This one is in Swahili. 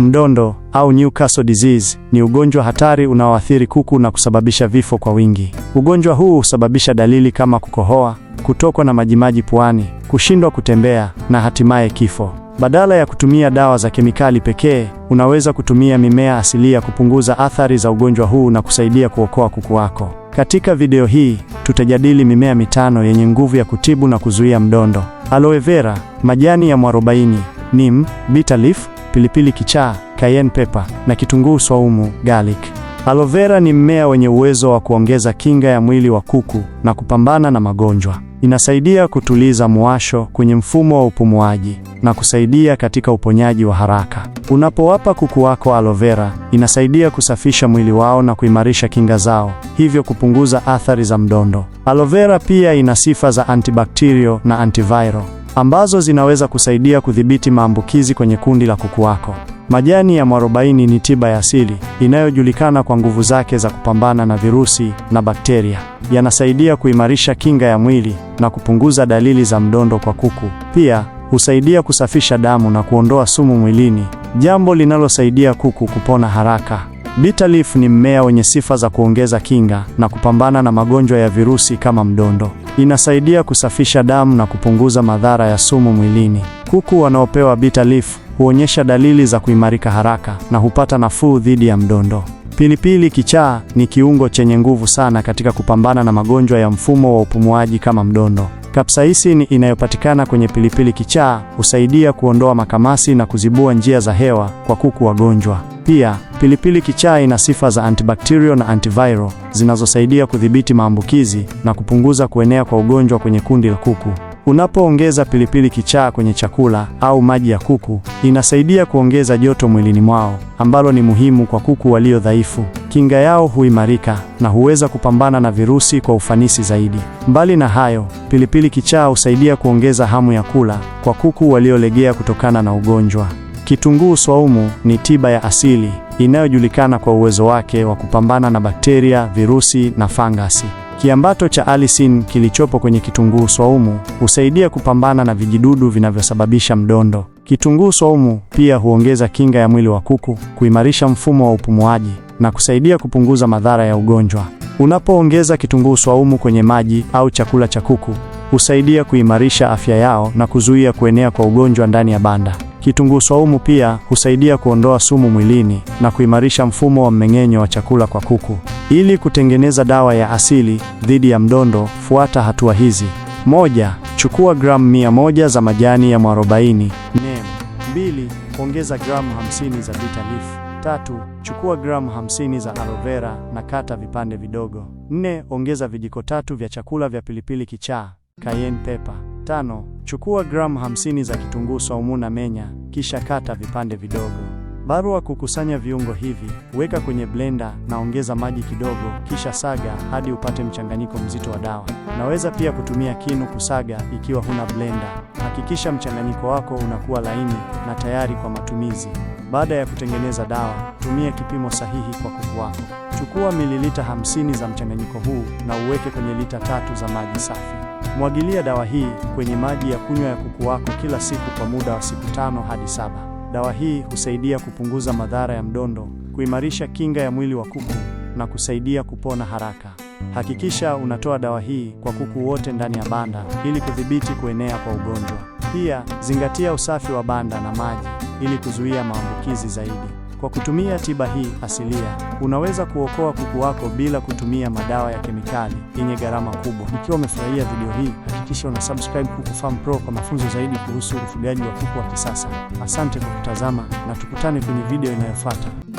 Mdondo au Newcastle disease ni ugonjwa hatari unaoathiri kuku na kusababisha vifo kwa wingi. Ugonjwa huu husababisha dalili kama kukohoa, kutokwa na majimaji puani, kushindwa kutembea na hatimaye kifo. Badala ya kutumia dawa za kemikali pekee, unaweza kutumia mimea asilia kupunguza athari za ugonjwa huu na kusaidia kuokoa kuku wako. Katika video hii tutajadili mimea mitano yenye nguvu ya kutibu na kuzuia mdondo: aloe vera, majani ya mwarobaini, neem, bitter leaf, pilipili kichaa, cayenne pepper na kitunguu swaumu garlic. Aloe vera ni mmea wenye uwezo wa kuongeza kinga ya mwili wa kuku na kupambana na magonjwa. Inasaidia kutuliza mwasho kwenye mfumo wa upumuaji na kusaidia katika uponyaji wa haraka. Unapowapa kuku wako aloe vera, inasaidia kusafisha mwili wao na kuimarisha kinga zao, hivyo kupunguza athari za mdondo. Aloe vera pia ina sifa za antibakterio na antiviral ambazo zinaweza kusaidia kudhibiti maambukizi kwenye kundi la kuku wako. Majani ya mwarobaini ni tiba ya asili inayojulikana kwa nguvu zake za kupambana na virusi na bakteria. Yanasaidia kuimarisha kinga ya mwili na kupunguza dalili za mdondo kwa kuku. Pia husaidia kusafisha damu na kuondoa sumu mwilini, jambo linalosaidia kuku kupona haraka. Bitter leaf ni mmea wenye sifa za kuongeza kinga na kupambana na magonjwa ya virusi kama mdondo. Inasaidia kusafisha damu na kupunguza madhara ya sumu mwilini. Kuku wanaopewa bitter leaf huonyesha dalili za kuimarika haraka na hupata nafuu dhidi ya mdondo. Pilipili kichaa ni kiungo chenye nguvu sana katika kupambana na magonjwa ya mfumo wa upumuaji kama mdondo. Kapsaisin inayopatikana kwenye pilipili kichaa husaidia kuondoa makamasi na kuzibua njia za hewa kwa kuku wagonjwa. Pia, pilipili kichaa ina sifa za antibakterio na antiviral zinazosaidia kudhibiti maambukizi na kupunguza kuenea kwa ugonjwa kwenye kundi la kuku. Unapoongeza pilipili kichaa kwenye chakula au maji ya kuku, inasaidia kuongeza joto mwilini mwao ambalo ni muhimu kwa kuku walio dhaifu kinga yao huimarika na huweza kupambana na virusi kwa ufanisi zaidi. Mbali na hayo, pilipili kichaa husaidia kuongeza hamu ya kula kwa kuku waliolegea kutokana na ugonjwa. Kitunguu swaumu ni tiba ya asili inayojulikana kwa uwezo wake wa kupambana na bakteria, virusi na fangasi. Kiambato cha alisin kilichopo kwenye kitunguu swaumu husaidia kupambana na vijidudu vinavyosababisha mdondo. Kitunguu swaumu pia huongeza kinga ya mwili wa kuku, kuimarisha mfumo wa upumuaji na kusaidia kupunguza madhara ya ugonjwa. Unapoongeza kitunguu swaumu kwenye maji au chakula cha kuku, husaidia kuimarisha afya yao na kuzuia kuenea kwa ugonjwa ndani ya banda. Kitunguu swaumu pia husaidia kuondoa sumu mwilini na kuimarisha mfumo wa mmeng'enyo wa chakula kwa kuku. Ili kutengeneza dawa ya asili dhidi ya mdondo, fuata hatua hizi. Moja, chukua gramu mia moja za majani ya mwarobaini NEM. Mbili, ongeza gramu hamsini za bitter leaf. Tatu, chukua gramu hamsini za aloe vera na kata vipande vidogo. Nne, ongeza vijiko tatu vya chakula vya pilipili kichaa, cayenne pepper. Tano, chukua gramu 50 za kitunguu saumu na menya, kisha kata vipande vidogo. Baada ya kukusanya viungo hivi, weka kwenye blender na ongeza maji kidogo, kisha saga hadi upate mchanganyiko mzito wa dawa. Naweza pia kutumia kinu kusaga ikiwa huna blender. Hakikisha mchanganyiko wako unakuwa laini na tayari kwa matumizi. Baada ya kutengeneza dawa, tumia kipimo sahihi kwa kuku wako. Chukua mililita 50 za mchanganyiko huu na uweke kwenye lita tatu za maji safi. Mwagilia dawa hii kwenye maji ya kunywa ya kuku wako kila siku kwa muda wa siku tano hadi saba. Dawa hii husaidia kupunguza madhara ya mdondo, kuimarisha kinga ya mwili wa kuku na kusaidia kupona haraka. Hakikisha unatoa dawa hii kwa kuku wote ndani ya banda ili kudhibiti kuenea kwa ugonjwa. Pia zingatia usafi wa banda na maji ili kuzuia maambukizi zaidi. Kwa kutumia tiba hii asilia, unaweza kuokoa kuku wako bila kutumia madawa ya kemikali yenye gharama kubwa. Ikiwa umefurahia video hii, hakikisha una subscribe Kuku Farm Pro kwa mafunzo zaidi kuhusu ufugaji wa kuku wa kisasa. Asante kwa kutazama na tukutane kwenye video inayofuata.